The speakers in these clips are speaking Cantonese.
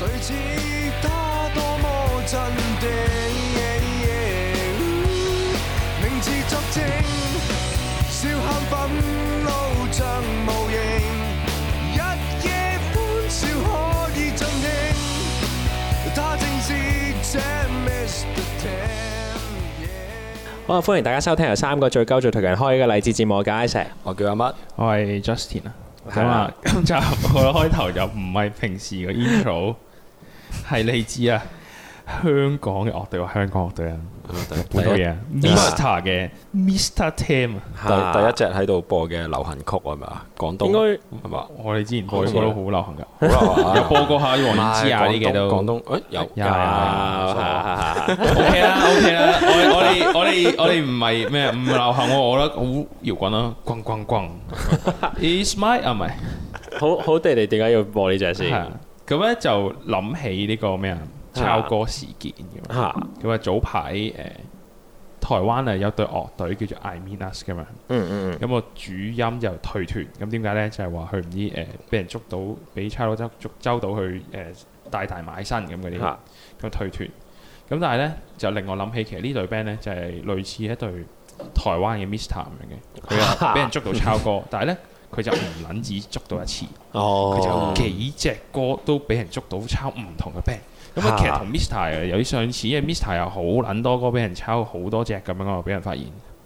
誰知他多麼鎮定？名字作證，笑喊憤怒像無形，一夜歡笑可以證明。他正是這 Mr. Tam。好啊，歡迎大家收聽由三個最高最頹人開嘅勵志節目《假 I 石》。我叫阿乜，我係 Justin 啊。咁啊，今集開頭又唔係平時嘅 intro。 係你知啊，香港嘅樂隊，香港樂隊啊，好多嘢 Mr. 嘅 Mr. Tam 第第一隻喺度播嘅流行曲係咪？廣東應該係嘛？我哋之前播過都好流行噶，又播過下王菀之啊呢嘅都。廣東誒有有。OK 啦 OK 啦，我我哋我哋我哋唔係咩唔流行，我覺得好搖滾啦，轟轟轟，It's my 啊唔係，好好哋你點解要播呢隻先？咁咧就諗起呢個咩啊抄歌事件咁啊！咁啊早排誒、呃、台灣啊有隊樂隊叫做 I Mean Us 咁啊、嗯，嗯嗯，咁個主音又退團，咁點解咧？就係話佢唔知誒俾、呃、人捉到，俾差佬執捉抓到去誒帶大埋大身咁嗰啲，咁、啊、退團。咁但係咧就令我諗起，其實對隊呢隊 band 咧就係、是、類似一隊台灣嘅 Mr. 咁樣嘅，佢話俾人捉到抄歌， 但係咧。佢就唔撚止捉到一次，佢、oh. 就有幾隻歌都俾人捉到抄唔同嘅 band。咁啊，其實同 Mr. 有啲相似，因為 Mr. 又好撚多歌俾人抄好多隻咁樣咯，俾人發現。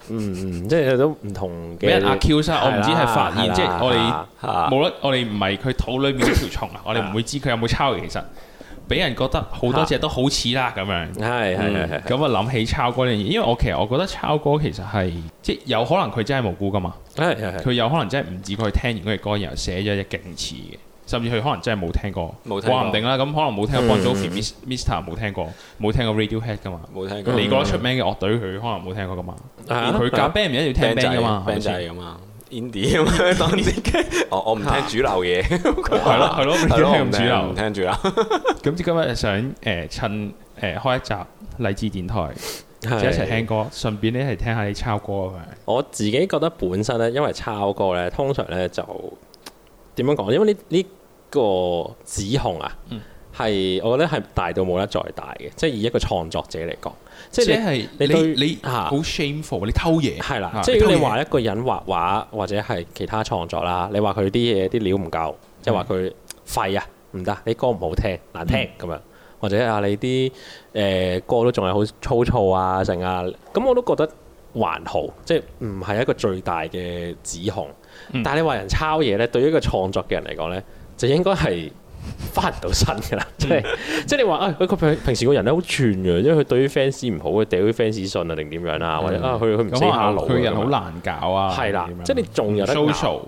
嗯，即係都唔同嘅。俾人阿 Q 晒，我唔知係發現，即係我哋冇啦。無論我哋唔係佢肚裏面條蟲啊， 我哋唔會知佢有冇抄嘅其實。俾人覺得好多隻都好似啦咁樣，係係咁啊！諗起抄歌呢樣嘢，因為我其實我覺得抄歌其實係即有可能佢真係無辜噶嘛。佢有可能真係唔止佢聽完嗰隻歌，然後寫咗隻勁似嘅，甚至佢可能真係冇聽過，冇聽過話唔定啦。咁可能冇聽過 Bon Jovi、Mr 冇聽過，冇聽過 Radiohead 噶嘛，冇聽過你覺得出名嘅樂隊，佢可能冇聽過噶嘛。佢夾 band 唔一定要聽 band 噶嘛咁啊。i Ind 當自己，哦我唔聽主流嘢，係咯係咯唔聽主流唔聽住啦。咁 之今日想誒趁誒開一集荔枝電台，是一齊聽歌，順便咧係聽下啲抄歌啊嘛。我自己覺得本身咧，因為抄歌咧，通常咧就點樣講？因為呢呢、呢個指控啊。嗯係，我覺得係大到冇得再大嘅，即係以一個創作者嚟講，即係你係你你嚇好 shameful，你偷嘢係啦。啊、即係如果你話一個人畫畫或者係其他創作啦，你話佢啲嘢啲料唔夠，即係話佢廢啊，唔得，你歌唔好聽，難聽咁，嗯、樣，或者啊你啲誒、呃、歌都仲係好粗糙啊成啊，咁我都覺得還好，即係唔係一個最大嘅指控。嗯、但係你話人抄嘢咧，對於一個創作嘅人嚟講咧，就應該係，嗯。翻唔到身噶啦，即係即係你話啊佢個平平時個人咧好串嘅，因為佢對於 fans 唔好嘅，掉啲 fans 信啊，定點樣啦，或者啊佢佢唔知下腦，佢人好難搞啊。係啦，即係你仲有得鬧，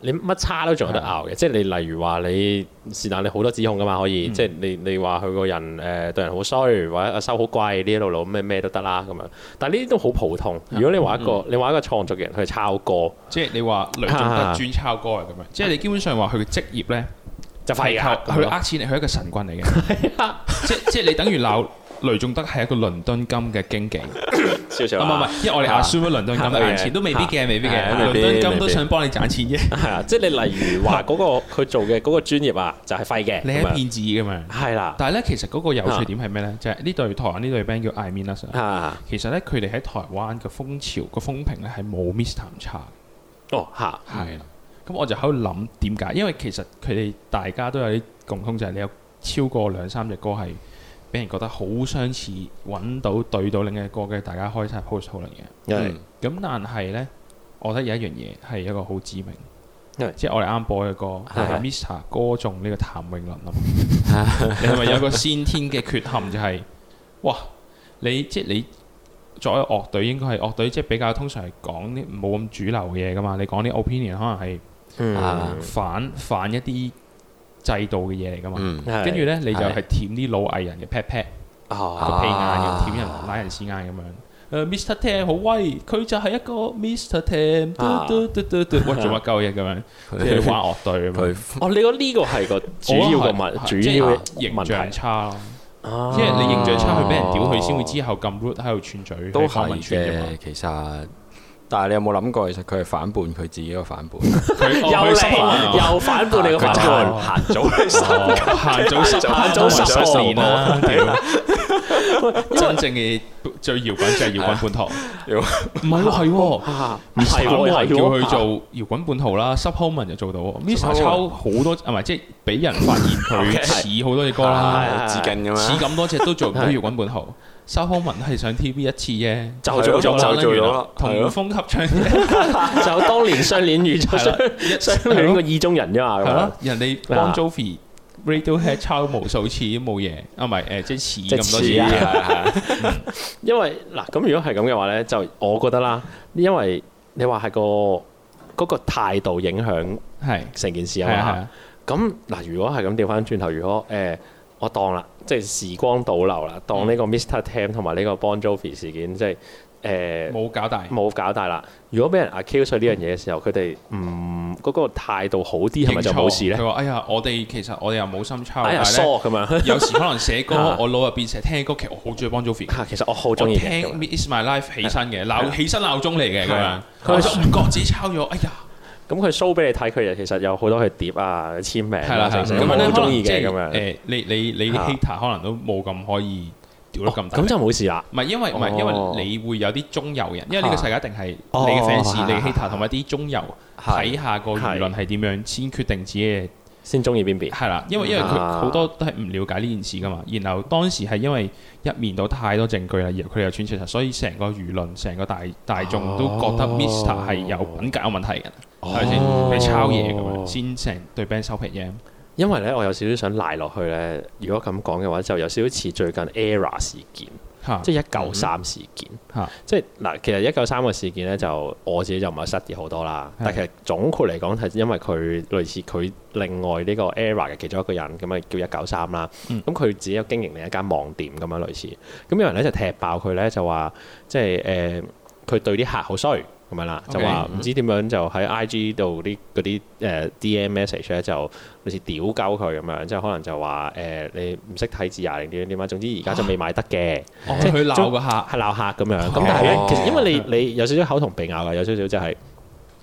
你乜叉都仲有得拗嘅。即係你例如話你是但你好多指控噶嘛，可以即係你你話佢個人誒對人好 sorry，或者收好貴呢一路路咩咩都得啦咁樣。但係呢啲都好普通。如果你話一個你話一個創作嘅人去抄歌，即係你話雷頌德專抄歌啊咁樣。即係你基本上話佢嘅職業咧。就廢嘅，佢呃錢嚟，佢係一個神棍嚟嘅。係啊，即即係你等於鬧雷頌德係一個倫敦金嘅經紀。少少啦，唔唔唔，因為我哋 assume 咗倫敦金係賺錢都未必嘅，未必嘅。倫敦金都想幫你賺錢啫。係啊，即係你例如話嗰個佢做嘅嗰個專業啊，就係廢嘅。你係騙子咁樣。係啦，但係咧其實嗰個有趣點係咩咧？就係呢對台灣呢對 band 叫 I Mean Us，其實咧，佢哋喺台灣嘅風潮個風評咧係冇 Mr. 差。哦，嚇，係啦。咁我就喺度諗點解？因為其實佢哋大家都有啲共通，就係、是、你有超過兩三隻歌係俾人覺得好相似，揾到對到另一隻歌嘅，大家開晒 post 討論嘅。咁但係呢，我覺得有一樣嘢係一個好致命，對 即係我哋啱播嘅歌係 Mr. 歌頌呢個譚詠麟啊！吧 你係咪有個先天嘅缺陷就係、是、哇？你即係你作為樂隊應該係樂隊，即係比較通常係講啲冇咁主流嘅嘢噶嘛？你講啲 opinion 可能係。反反，一啲制度嘅嘢嚟噶嘛？跟住咧，你就係舔啲老藝人嘅 pat pat 個屁眼，舔人拉人屎眼咁樣。誒 Mr. Tam 好威，佢就係一個 Mr. Tam，做乜鳩嘢咁樣去玩樂隊啊？嘛，哦，你講呢個係個主要個問題，即係形象差咯。因為你形象差，佢俾人屌，佢先會之後撳 root 喺度串嘴。都係嘅，其實。但係你有冇諗過，其實佢係反叛佢自己個反叛，又嚟，又反叛你個反叛，行左手，行左手，行左手十年啦。真正嘅最搖滾就係搖滾本堂，唔係喎，係喎，唔係我係叫佢做搖滾本堂啦，Subhuman 就做到，Vista 抄好多，唔係即係俾人發現佢似好多隻歌啦，似咁多隻都做唔到搖滾本堂。沙康文係上 TV 一次啫，就做咗，就做咗，同峰合唱嘢，就當年相戀遇咗相戀個意中人啫嘛。係咯，人哋幫 Joffy Radiohead 抄無數次都冇嘢，啊唔係，誒即係似咁多次。因為嗱，咁如果係咁嘅話咧，就我覺得啦，因為你話係個嗰個態度影響係成件事啊嘛。咁嗱，如果係咁調翻轉頭，如果誒我當啦。即係時光倒流啦！當呢個 Mr. Tam 同埋呢個 Bon Jovi 事件，即係誒冇搞大，冇搞大啦！如果俾人 accuse 呢樣嘢嘅時候，佢哋唔嗰個態度好啲，係咪就冇事咧？佢話：哎呀，我哋其實我哋又冇心抄，但係咧，有時可能寫歌，我腦入邊成日聽啲歌，其實我好中意 Bon Jovi。嚇，其實我好中意聽《It's My Life》起身嘅鬧起身鬧鐘嚟嘅咁樣。佢話：唔覺自己抄咗。哎呀！咁佢 show 俾你睇，佢又其實有好多佢碟啊簽名係、啊、啦，咁樣咧鍾意嘅、就是。咁樣誒，你你你 hater 可能都冇咁可以掉得咁大，咁、哦哦、就冇事啦。唔係因為唔係、哦、因為你會有啲中游人，的因為呢個世界一定係你 fans、哦、你 hater 同埋啲中游睇下個輿論係點樣先決定自己。先中意邊邊？係啦，因為因為佢好多都係唔了解呢件事噶嘛。然後當時係因為入面到太多證據啦，然後佢又穿出，所以成個輿論，成個大大眾都覺得 Mr. 係有品格有問題嘅。睇下先，佢抄嘢咁樣，先成對 Band 收皮嘅。因為咧，我有少少想賴落去咧。如果咁講嘅話，就有少少似最近 Error 事件。即係一九三事件，嗯、即係嗱，其實一九三個事件咧，嗯、就我自己就唔係失意好多啦，嗯、但係其實總括嚟講係因為佢類似佢另外呢個 era 嘅其中一個人咁啊，叫一九三啦，咁佢、嗯、自己有經營另一間網店咁樣類似，咁有人咧就踢爆佢咧就話即係誒佢對啲客好衰。咁樣啦 Okay,，就話唔知點樣就喺 IG 度啲嗰啲誒 DM message 咧，就好似屌鳩佢咁樣，即係可能就話誒、呃、你唔識睇字定點點點啊樣，總之而家就未買得嘅。啊、即係佢鬧個客，係鬧客咁樣。咁但係因為你你有少少口同鼻拗嘅，有少少就係、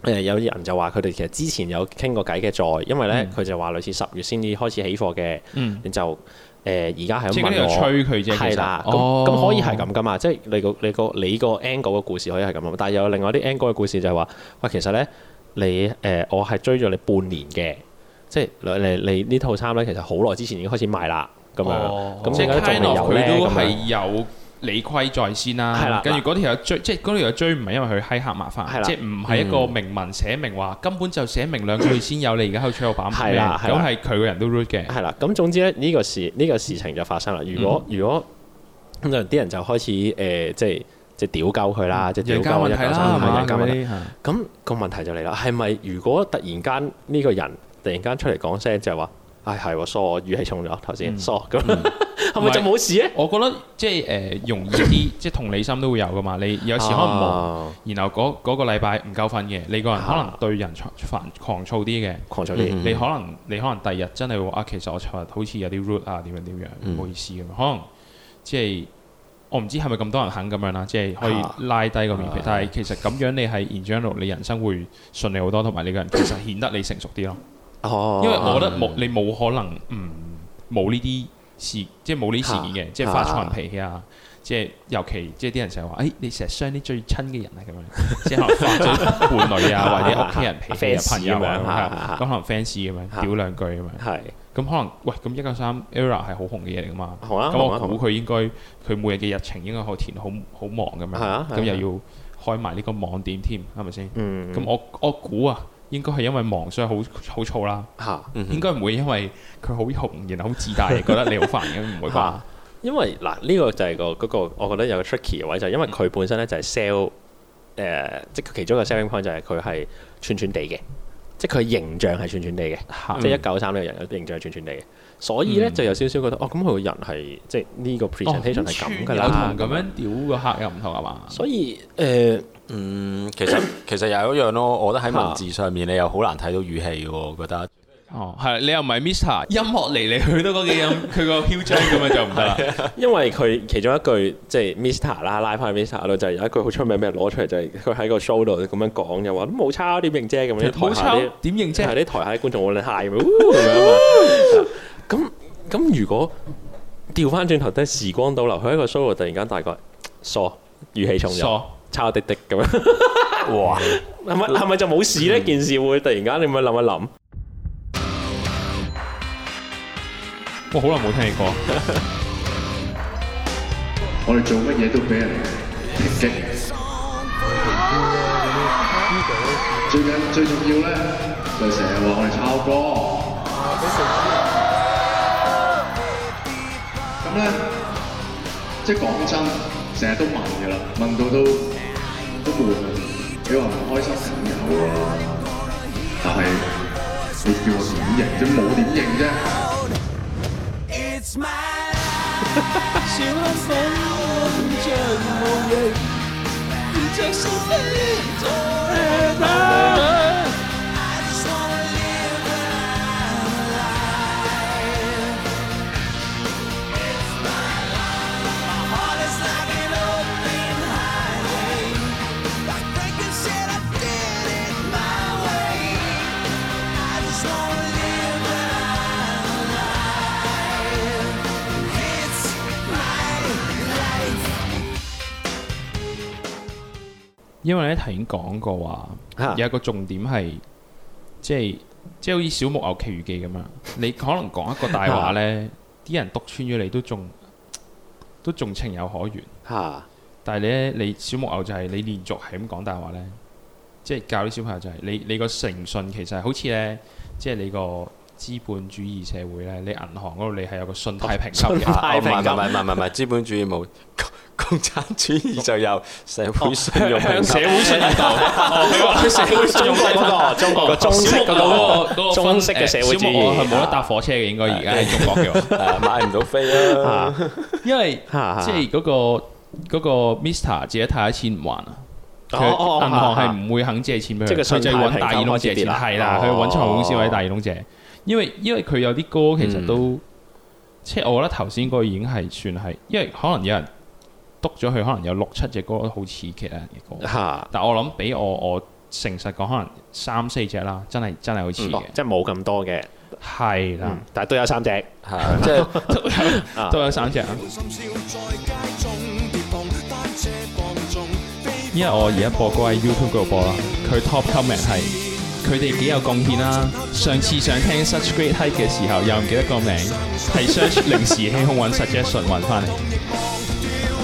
是、誒有啲人就話佢哋其實之前有傾過偈嘅在，因為咧佢、嗯、就話類似十月先至開始起貨嘅，嗯，就。誒、呃、而家係咁吹佢啫，係啦，咁咁了、哦、可以係咁㗎嘛？的即係你，你個你個你個 angle 嘅故事可以係咁啊！但係有另外啲 angle 嘅故事就係話：喂，其實咧，你誒、呃、我係追咗你半年嘅，即係你你你呢套衫咧，其實好耐之前已經開始賣啦，咁樣咁即係仲有。Kind of, 理虧在先啦，跟住嗰條又追，即係嗰條又追唔係因為佢欺客麻煩，即係唔係一個明文寫明話，根本就寫明兩句先有。你而家喺搶我版面，咁係佢個人都 rude 嘅。係啦，咁總之咧呢個事呢個事情就發生啦。如果如果咁就啲人就開始誒，即係即係屌鳩佢啦，即係屌鳩佢啦，咁個問題就嚟啦，係咪如果突然間呢個人突然間出嚟講聲，就係話，唉係喎，sorry，我語氣重咗，頭先 sorry 咁。係咪就冇事咧？我覺得即係誒、呃、容易啲， 即係同理心都會有噶嘛。你有時可能忙，啊、然後嗰、那、嗰、個那個禮拜唔夠瞓嘅，你個人可能對人煩狂躁啲嘅，你可能你可能第二日真係話啊，其實我琴日好似有啲 rude 啊，點樣點樣唔、嗯、好意思咁。可能即係我唔知係咪咁多人肯咁樣啦，即係可以拉低個面皮。啊啊、但係其實咁樣你係延長到你人生會順利好多，同埋你個人其實顯得你成熟啲咯。啊、因為我覺得冇你冇可能唔冇呢啲。嗯事即係冇呢事件嘅，即係發錯人脾氣啊！即係尤其即係啲人成日話，誒你成日傷啲最親嘅人啊咁樣，即係發咗伴侶啊，或者屋企人脾氣啊、朋友啊，咁可能 fans 咁樣屌兩句咁樣。係，咁可能喂，咁一九三 era 係好紅嘅嘢嚟㗎嘛，咁我估佢應該佢每日嘅日程應該可填好好忙咁樣，咁又要開埋呢個網店添，係咪先？咁我我估啊。應該係因為忙，所以好好躁啦。嚇、啊，嗯、應該唔會因為佢好紅，然後好自大，覺得你好煩，咁唔 會啩？因為嗱，呢、這個就係、那個嗰我覺得有個 tricky 嘅位就係、是、因為佢本身咧就係 sell 誒、嗯呃，即係其中一個 selling point 就係佢係串串地嘅，即係佢形象係串串地嘅，嗯、即係一九三呢個人形象係串串地，嘅。所以咧就有少少覺得、嗯、哦，咁佢人係即係呢個 presentation 係咁㗎啦，咁、哦、樣屌個客又唔同係嘛？所以誒。呃嗯，其實其實又一樣咯， 我覺得喺文字上面你又好難睇到語氣嘅，我覺得。哦，係、啊哦，你又唔係 Mr. 音樂嚟嚟去都嗰幾個音，佢 個囂張咁樣就唔得啦。因為佢其中一句即係 Mr. 啦，拉翻 Mr. 咯，就係、有一句好出名，咩攞出嚟就係佢喺個 show 度咁樣講，又話都冇抄，點認啫，咁啲台下啲點認啫，啲台下啲觀眾我哋嗨咁樣嘛。咁咁如果調翻轉頭，即係時光倒流，佢喺個 show 度突然間大概傻語氣重咗。瘋 抄滴滴咁樣，哇！係咪，係咪就冇事咧？件事會突然間，你咪諗一諗。我好耐冇聽過。我哋做乜嘢都俾人抨擊。最緊、最重要咧，就係成日話我哋抄歌。咁咧，即係講真，成日都問㗎啦，問到都～你話唔開心有啊，但係你叫我點認啫，冇點認啫。im Seattle 因為咧，頭先講過話，啊、有一個重點係，即係即係好似小木偶奇遇記咁樣，你可能講一個大話呢，啲、啊、人篤穿咗你都仲都仲情有可原。嚇、啊！但係你咧，你小木偶就係、是、你連續係咁講大話呢，即、就、係、是、教啲小朋友就係、是、你，你個誠信其實好似呢，即、就、係、是、你個資本主義社會呢，你銀行嗰度你係有個信貸評級嚇、哦，唔係唔係唔係唔係資本主義冇。 共產主義就有社會信用、嗯，社會信用、哦，個、哦、中個嗰個個中式、那個嗰個嗰個中式嘅社會主義。小五係冇得搭火車嘅，應該而家喺中國嘅、嗯，買唔到飛啦。因為即係嗰個嗰、那個 Mr. 借得太多錢唔還啊，佢銀行係唔會肯借錢俾佢，佢就揾大耳窿借錢，係啦、哦，佢揾財務公司或者大耳窿借，因為因為佢有啲歌其實都即係、嗯、我覺得頭先嗰個已經係算係，因為可能有人。篤咗佢可能有六七隻歌都好似其他人嘅歌，的但我諗俾我我誠實講，可能三四隻啦，真係真係好似嘅，即係冇咁多嘅，係啦的，嗯、但係都有三隻， 是 都有三隻。 因為我而家播歌喺 YouTube 嗰度播啦，佢 Top Comment 係佢哋幾有貢獻啦、啊。上次想聽 Such Great Heights 嘅時候又唔記得個名，係 Search 零時起哄揾 Suggestion 翻嚟。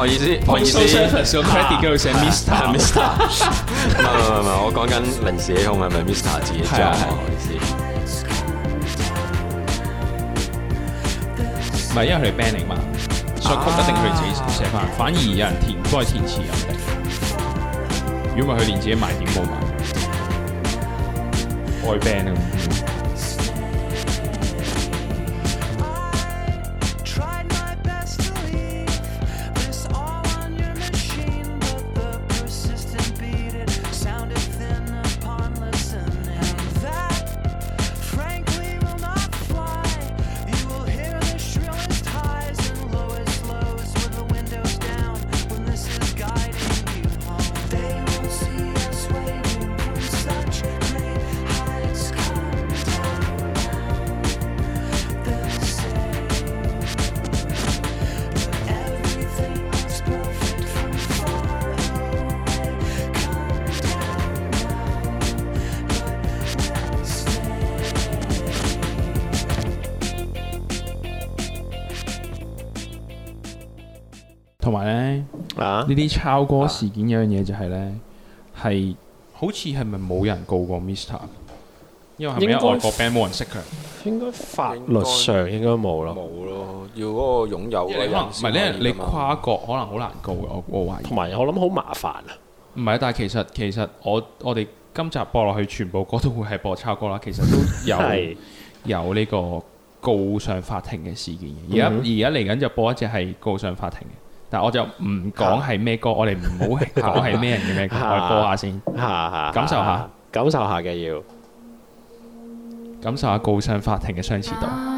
我意思，我意思，So credit 嗰度寫 Mister，Mister 唔唔唔唔，我講緊零時起哄，唔係唔係 Mr. 自己作，唔好意思。唔係因為佢哋 baning 嘛，作曲一定佢哋寫翻，啊、反而有人填歌填詞又定。如果唔係佢連自己埋點冇埋，愛 ban 啊！呢啲抄歌事件一樣嘢就係、是、咧，係、啊、好似係咪冇人告過 Mr. 因為係咪外國 band 冇該人識佢？應該法應該律上應該冇咯。冇咯，要嗰個擁有可。唔係咧，你跨國可能好難告嘅，我我懷疑。同埋我諗好麻煩啊！唔係，但係其實其實我我哋今集播落去全部歌都會係播抄歌啦。其實都有 是有呢個告上法庭嘅事件嘅。而家而家嚟緊就播一隻係告上法庭嘅。但我就唔講係咩歌， 我哋唔好講係咩人嘅咩歌， 我哋播下先， 感受下， 感受下嘅 要，感受下告上法庭嘅相似度。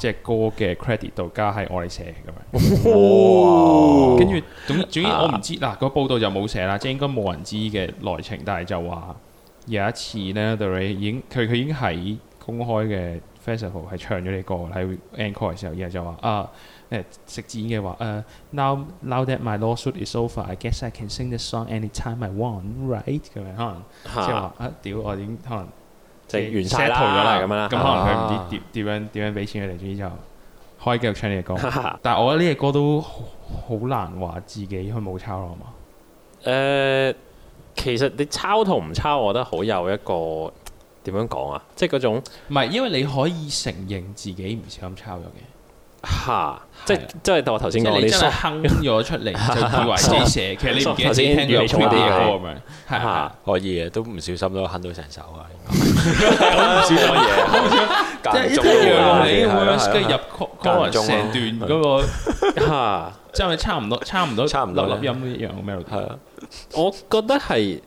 即歌嘅 credit 度加喺我哋寫咁樣，跟住總總之我唔知嗱、嗰個報道就冇寫啦，即係應該冇人知嘅內情，但係就話有一次呢 Del Rey 已經佢佢已經喺公開嘅 festival 係唱咗呢個喺 encore 嘅時候，然後就啊啊話啊誒食字嘅話誒 now now that my lawsuit is over，I guess I can sing this song anytime I want，right 咁樣可能，啊、即係話啊屌我已經可能。就完曬啦，咁樣啦。咁可能佢唔知點點樣點樣俾錢佢哋，之後開繼續唱呢個歌。但係我覺得呢隻歌都好難話自己佢冇抄咯，好嘛？誒，其實你抄同唔抄，我覺得好有一個點樣講啊？即係嗰種，唔係因為你可以承認自己唔小心抄咗嘅。嚇！即即係我頭先講你真係哼咗出嚟就以為自己寫，其實你唔記得聽咗邊啲歌啊嘛？係啊，可以嘅，都唔小心都哼到成首啊！咁唔知乜嘢，即係一樣嘅，即係入江華中段嗰個，即係差唔多，差唔多，差唔多，音一樣咩？係啊，我覺得係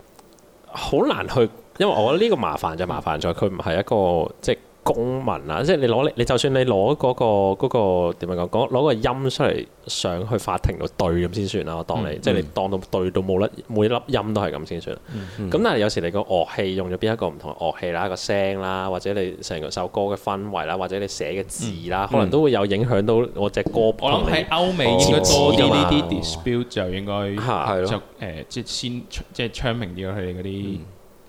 好難去，因為我覺得呢個麻煩就麻煩在佢唔係一個即。公民啊，即係你攞你就算你攞嗰、嗰個嗰、嗰個點樣講，攞攞個音出嚟上去法庭度對咁先算啦。我當你、嗯、即係你當到對到冇得，每粒音都係咁先算。咁、嗯嗯、但係有時你個樂器用咗邊一個唔同嘅樂器啦，個聲啦，或者你成個首歌嘅氛圍啦，或者你寫嘅字啦，嗯、可能都會有影響到我隻歌。我諗喺歐美應該多啲呢啲 dispute、哦哦、就應該係咯、啊呃，即係先即係昌明啲咯，佢哋嗰啲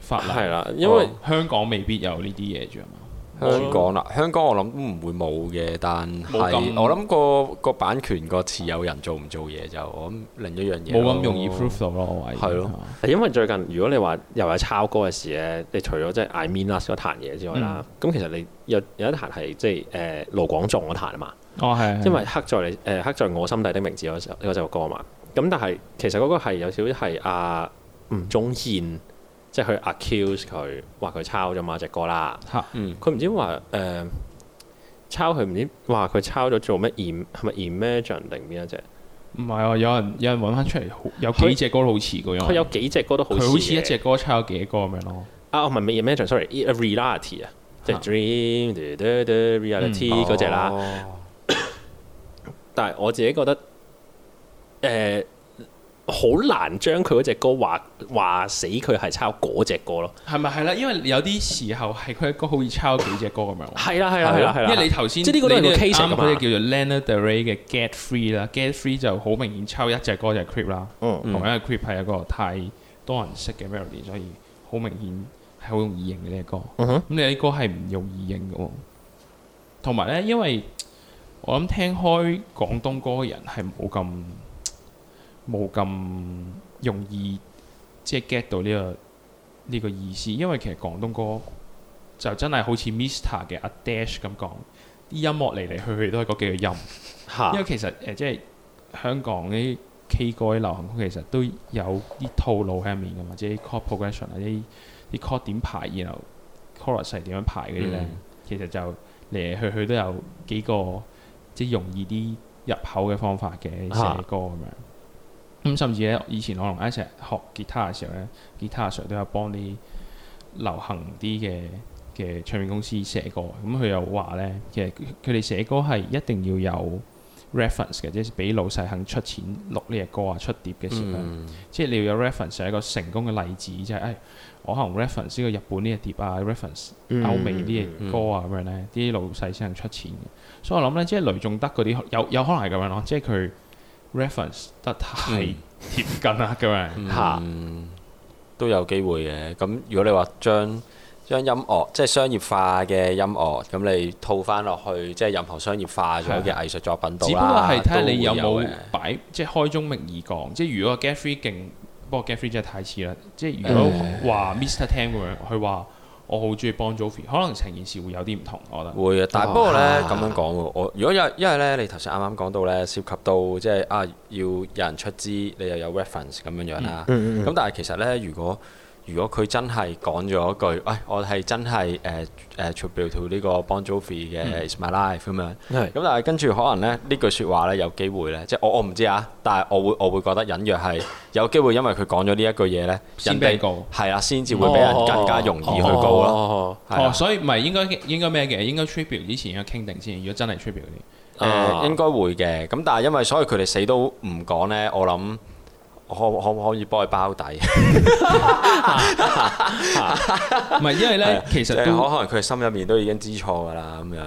法例係啦、嗯，因為香港未必有呢啲嘢住啊香港啦，香港我諗唔會冇嘅，但係我諗個個版權個持有人做唔做嘢就我諗另一樣嘢，冇咁容易 proof 到咯，啊、我懷疑係咯，因為最近如果你話又係抄歌嘅事咧，你除咗即係 I mean 啦，嗰壇嘢之外啦，咁、嗯、其實你有有一壇係即係誒盧廣仲嗰壇啊嘛，哦係，因為刻在你誒刻、呃、在我心底的名字嗰首嗰首歌啊嘛，咁但係其實嗰個係有少少係阿吳宗憲。即係佢 accuse 佢話佢抄咗某隻歌啦。嗯，佢唔知話誒、呃、抄佢唔知話佢抄咗做咩 i m a g e 係咪？imagine im 定邊一隻唔係啊！有人有人搵翻出嚟，有幾隻歌好似佢有幾隻歌都好似都好似好似一隻歌抄幾歌咁樣咯。就是、啊，唔係咪 imagine？sorry，reality 啊，即係 dream reality 嗰隻、嗯、啦。哦、 但係我自己覺得誒。呃好難將佢嗰隻歌話話死佢係抄嗰隻歌咯，係咪係啦？因為有啲時候係佢嘅歌好似抄幾隻歌咁樣。係啦係啦係啦，啊啊啊、因為你頭先即係呢個都係個 case 佢哋的叫做 Lana Del Rey 嘅 Get Free 啦、啊、Get Free 就好明顯抄一隻歌就係 Creep 啦。嗯，同一個 Creep 係一個太多人識嘅 Melody，所以好明顯係好容易認嘅呢個歌。咁你啲歌係唔容易認嘅喎。同埋咧，因為我諗聽開廣東歌嘅人係冇咁。冇咁容易即係 get 到呢、呢個呢、呢個意思，因為其實廣東歌就真係好似 Mr. 嘅阿 Dash 咁講，啲音樂嚟嚟去去都係嗰幾個音， 因為其實誒即係香港啲 K 歌流行曲，其實都有啲套路喺入面噶嘛，即係啲 chord progression 啊啲啲 chord 點排，然後 chorus 係點樣排嗰啲咧，嗯、其實就嚟嚟去去都有幾個即係、即係、容易啲入口嘅方法嘅 寫歌咁樣。咁、嗯、甚至咧，以前我同阿石學吉他嘅時候咧，吉他阿 Sir 都有幫啲流行啲嘅嘅唱片公司寫歌。咁、嗯、佢又話咧，其實佢哋寫歌係一定要有 reference 嘅，即係俾老細肯出錢錄呢隻歌啊、出碟嘅時候呢。嗯、即係你要有 reference 係一個成功嘅例子，即係誒，我可能 reference 呢個日本呢隻碟啊，reference 歐美啲嘅歌啊咁、啊嗯、樣咧，啲老細先肯出錢。所以我諗咧，即係雷仲德嗰啲有有可能係咁樣咯，即係佢。Reference 得太貼近啦，咁樣嚇都有機會嘅。咁如果你話將將音樂即係商業化嘅音樂，咁你套翻落去即係任何商業化咗嘅藝術作品度，只不過係睇下你有冇擺有即係開宗明義講，即係如果 Geffrey 勁，不過 Geffrey 真係太似啦。即係如果話 Mr. Tam 咁佢話。我好中意幫 Zoey 可能成件事會有啲唔同，我覺得會啊，但係不過咧咁、啊、樣講喎，我如果有因為咧，你頭先啱啱講到咧，涉及到即係啊，要有人出資，你又有 reference 咁樣、嗯、樣啦，咁、嗯嗯、但係其實咧如果。如果佢真係講咗一句，喂，我係真係誒誒 tribute to 呢個 Bon Jovi 嘅 It's My Life 咁樣，咁但係跟住可能咧呢句説話咧有機會咧，即係我我唔知啊，但係我會我會覺得隱約係有機會，因為佢講咗呢一句嘢咧，先俾告，係啊，先至會俾人更加容易去告咯。哦，所以唔係應該應該咩嘅？應該 tribute 之前應該傾定先，如果真係 tribute，誒應該會嘅。咁但係因為所以佢哋死都唔講咧，我諗。可可唔可以幫佢包底？唔係，因為咧，其實即係可能佢心入面都已經知錯噶啦咁樣。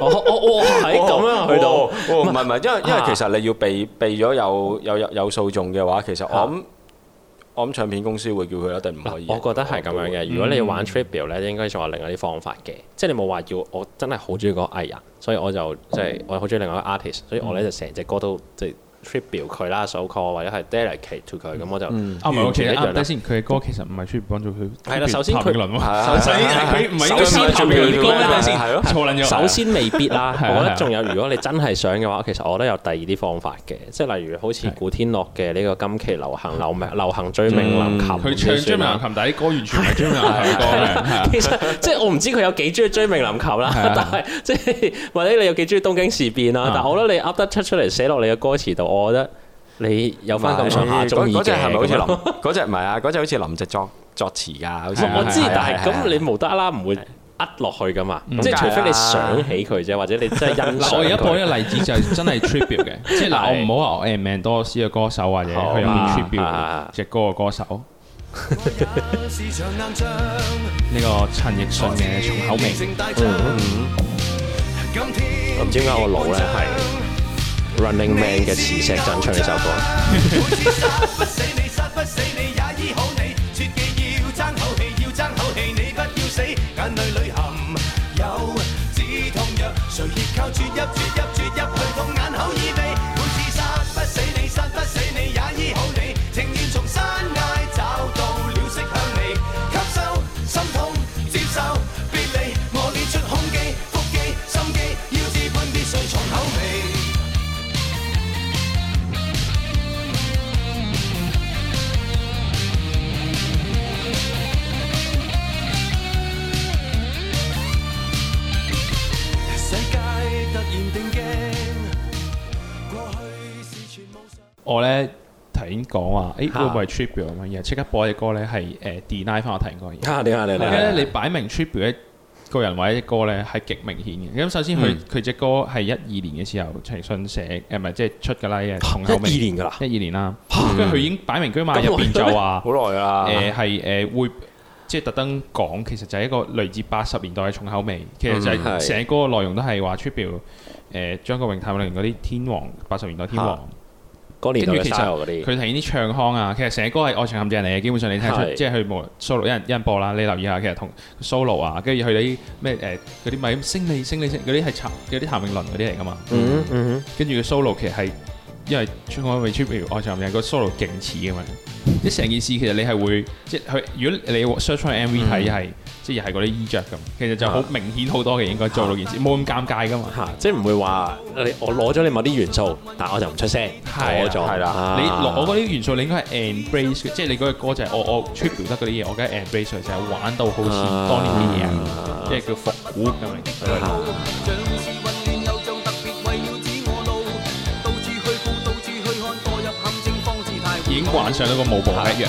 我我我係咁啊，去到唔係唔係，因為因為其實你要避避咗有有有有訴訟嘅話，其實我諗我諗唱片公司會叫佢一定唔可以。我覺得係咁樣嘅。如果你要玩 tribute 咧，應該仲有另外啲方法嘅。即係你冇話要，我真係好中意嗰個藝人，所以我就即係我好中意另外一個 artist，所以我咧就成隻歌都即係。tribute 佢啦，首歌或者係 dedicate to 佢，咁我就啱唔啱？其實啱。等先，佢嘅歌其實唔係專門幫助佢。係啦，首先佢，首先佢唔係應該首先未必啦。我覺得仲有，如果你真係想嘅話，其實我都有第二啲方法嘅，即係例如好似古天樂嘅呢個今期流行流行椎名林檎。佢唱歌完全唔椎名林檎，其實即係我唔知佢有幾中意椎名林檎啦，但係即係或者你有幾中意東京事變啦。但我覺得你噏得出出嚟寫落你嘅歌詞度。我覺得你有返咁上下鍾意嘅，嗰隻係咪好似林？嗰隻唔係啊，嗰隻好似林夕作作詞㗎。我知，但係咁你無得啦，唔會呃落去㗎嘛。即係除非你想起佢啫，或者你真係欣賞佢。我而家播啲例子就係真係 tribute 嘅，即係嗱，我唔好話誒，Many 多個師嘅歌手或者佢有 tribute 隻歌嘅歌手。呢個陳奕迅嘅重口味。咁點解我腦咧係？Running Man 嘅磁石陣唱呢首歌，好似殺不死你，殺不死你，也醫好你，切記要爭口氣，要爭口氣，你不要死，眼淚裡含，有止痛藥，誰亦靠啜泣啜泣。誒，會唔會係 tribute 咁樣？然後即刻播嘅歌咧，係誒 deny 翻我睇應該。嚇！嚟咧，你擺明 tribute 嘅個人或者歌咧，係極明顯嘅。咁首先佢佢隻歌係一二年嘅時候陳奕迅寫，誒唔係即係出嘅啦，重口味。一二年噶啦，一二年啦。跟佢已經擺明佢嘛入邊就話，好耐啦。誒係誒會，即係特登講，其實就係一個類似八十年代嘅重口味。其實就係寫歌嘅內容都係話 tribute，誒張國榮、譚詠麟嗰啲天王，八十年代天王。跟住其實佢提啲唱腔啊，其實成個歌係愛情陷阱嚟嘅，基本上你聽出，是 即係佢冇 solo 一人一人播啦。你留意下，其實同 solo 啊，跟住佢啲咩誒嗰啲咪星你星你嗰啲係有啲譚詠麟嗰啲嚟噶嘛。跟住個 solo 其實係因為《窗外未出苗》愛情陷阱個 solo 勁似嘅嘛。即成件事其實你係會即係，如果你 search 翻 MV 睇又係。Mm hmm. 即係嗰啲衣着咁，其實就好明顯好多嘅，應該做到件事，冇咁尷尬噶嘛。嚇、啊，即係唔會話你我攞咗你某啲元素，但我就唔出聲攞咗。係啦，你攞我嗰啲元素，你應該係 embrace 嘅，即係你嗰個歌就係我我 chill 得嗰啲嘢，我梗係 embrace 佢，就係、是、玩到好似當年啲嘢，啊啊、即係叫復古咁嚇。已經玩上咗個舞步係一樣。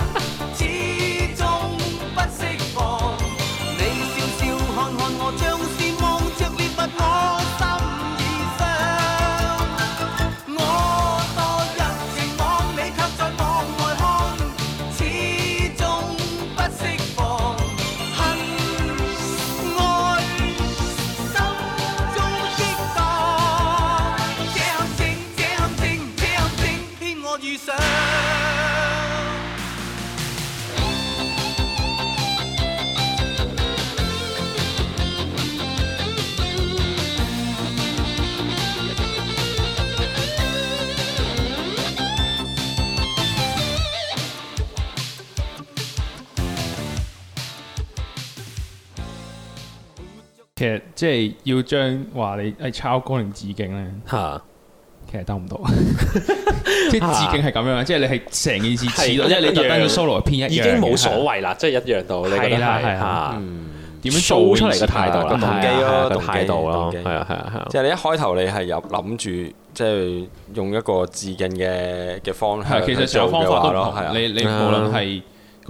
即係要將話你係抄歌定致敬咧，吓其實得唔到。即係致敬係咁樣，即係你係成件事似，即係你特登要 solo 編一，已經冇所謂啦，即係一樣到。係啦，係啊，點樣做出嚟嘅態度啦？動機咯，態度咯，係啊，係啊，係啊。即係你一開頭你係有諗住，即係用一個致敬嘅嘅方向。其實所有方法都係啊，你你無論係。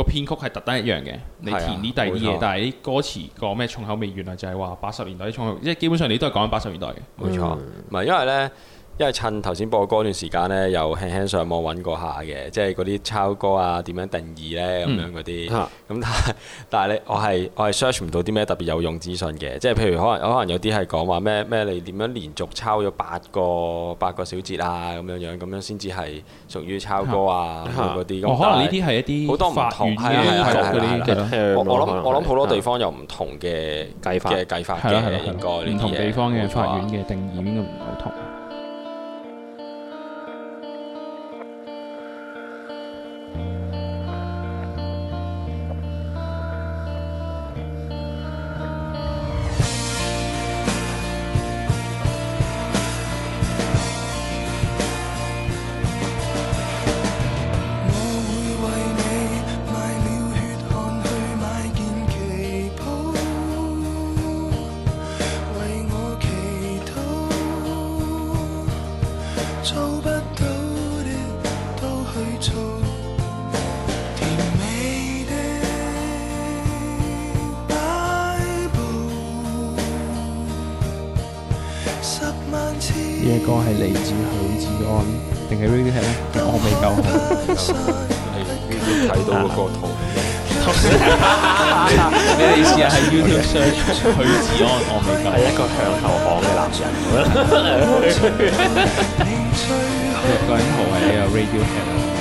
個編曲係特登一樣嘅，你填啲第二嘢，啊、但係啲歌詞個咩重口味，原來就係話八十年代啲重口，即係基本上你都係講緊八十年代嘅。冇錯、嗯，唔係因為咧。因為趁頭先播歌嗰段時間咧，又輕輕上網揾過下嘅，即係嗰啲抄歌啊，點樣定義咧咁樣嗰啲。咁但係但係你我係我係 search 唔到啲咩特別有用資訊嘅，即係譬如可能可能有啲係講話咩咩你點樣連續抄咗八個八個小節啊咁樣樣，咁樣先至係屬於抄歌啊嗰啲。我可能呢啲係一啲好多唔同嘅法院嘅咯。我我諗我諗好多地方有唔同嘅計法嘅計法嘅，應該唔同地方嘅法院嘅定義應該唔同。呢個歌係嚟自許志安定係 Radiohead 嘅？我未夠好，你要睇到嗰個圖。你意思係喺 YouTube search 許志安，我未夠係一個向後望嘅男人。個 人好係啊 Radiohead 啊！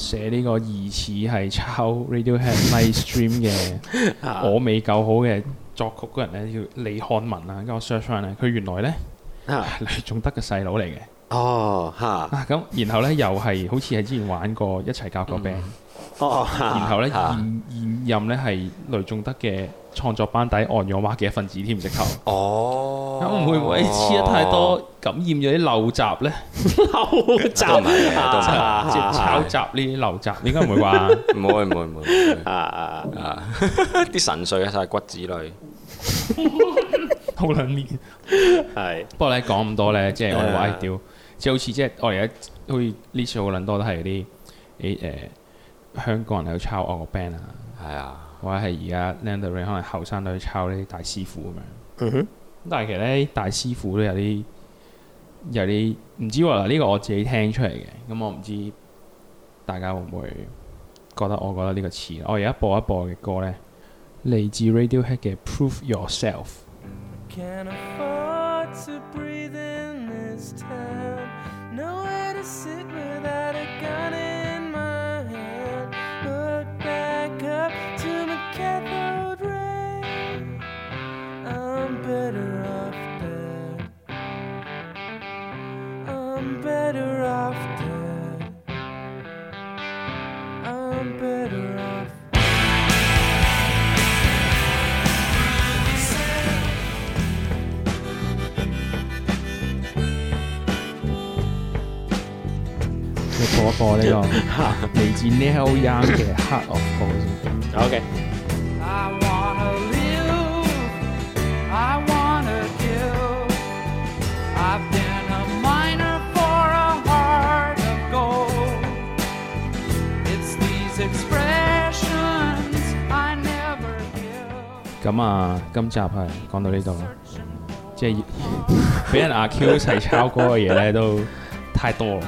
寫呢個疑似係抄 Radiohead Nice Dream 嘅， 我未夠好嘅作曲嗰人咧叫李漢文啊，跟住我 surfer 咧，佢原來咧 雷仲德嘅細佬嚟嘅。哦，嚇！咁、啊、然後咧又係好似係之前玩過一齊搞個 band。a、嗯哦、然後咧現現任咧係雷仲德嘅創作班底岸上蛙嘅一份子添，直頭。哦。咁唔、哦、會唔會黐得太多感染咗啲陋習咧？陋習啊！抄襲呢啲陋習，點解唔會啩？唔會唔會唔會啊啊啊！啲、uh，神碎晒骨子裏 好撚面。 對 不過你講咁多咧，即、就、係、是、我哋話屌！即係好似即係我哋而家好似呢次好撚多都係啲啲誒香港人喺度抄我個 band 啊，係啊！或者係而家 Lana Del Rey 可能後生都去抄呢啲大師傅咁樣。嗯。但係其實咧，大師傅都有啲有啲唔知喎嗱，啊，呢個我自己聽出嚟嘅咁，我唔知大家會唔會覺得我覺得呢個詞。我而家播一播嘅歌呢，嚟自 Radiohead 嘅《Prove Yourself。》 我播呢個哈，來自 Neil Young 嘅《Heart of Gold》。OK。咁啊，今集係講到呢度咯，即係俾人阿 Q 一齊抄歌嘅嘢咧，都太多。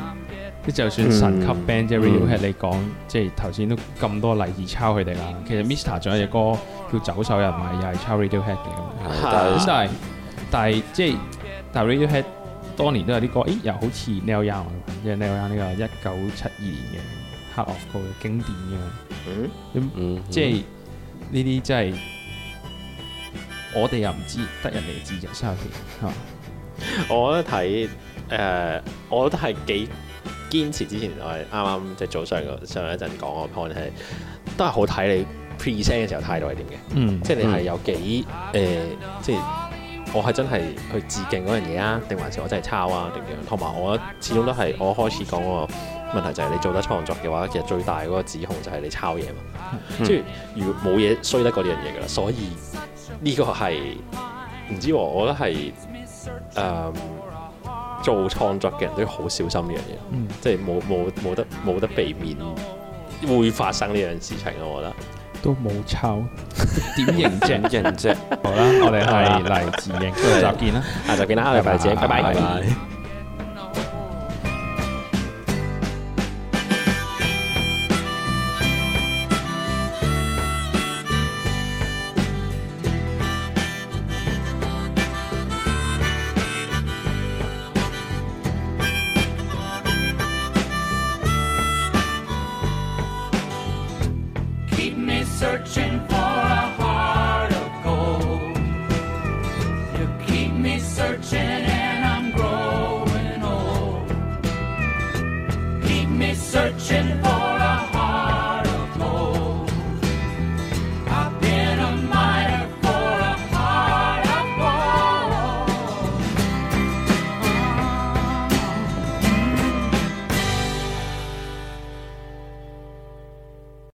即就算神級 band、嗯、即係 Radiohead，你講、嗯、即係頭先都咁多例子抄佢哋啦。嗯、其實 Mr. 仲有隻歌叫《走手人》埋，又係抄 Radiohead 嘅。咁是的，但係但係即係但 Radiohead 當年都有啲歌，誒又好似 Neil Young 即係 Neil Young 呢個一九七二年嘅《Heart of Gold》經典嘅。嗯咁即係呢啲，即係我哋又唔知得人嚟自人生入邊，我覺得睇誒，我覺得係幾。 堅持之前我係啱啱即係早上上一陣，講我個 point 係都係好睇你 present 嘅時候態度係點嘅，即係你係有幾誒，即係我係真係去致敬嗰樣嘢啊，定還是我真係抄啊定樣？同埋我，、啊、我始終都係我開始講個問題就係你做得創作嘅話，其實最大嗰個指控就係你抄嘢嘛，嗯嗯、即係如果冇嘢衰得過呢樣嘢㗎啦，所以呢個係唔知喎、啊，我覺得係誒。嗯做創作嘅人都要好小心呢樣嘢，嗯、即係冇冇冇得冇得避免會發生呢樣事情啊！我覺得都冇抄，點認 jack 啫。好啦，我哋係勵志鷹，再 見啦，下集見啦，勵志鷹，拜拜。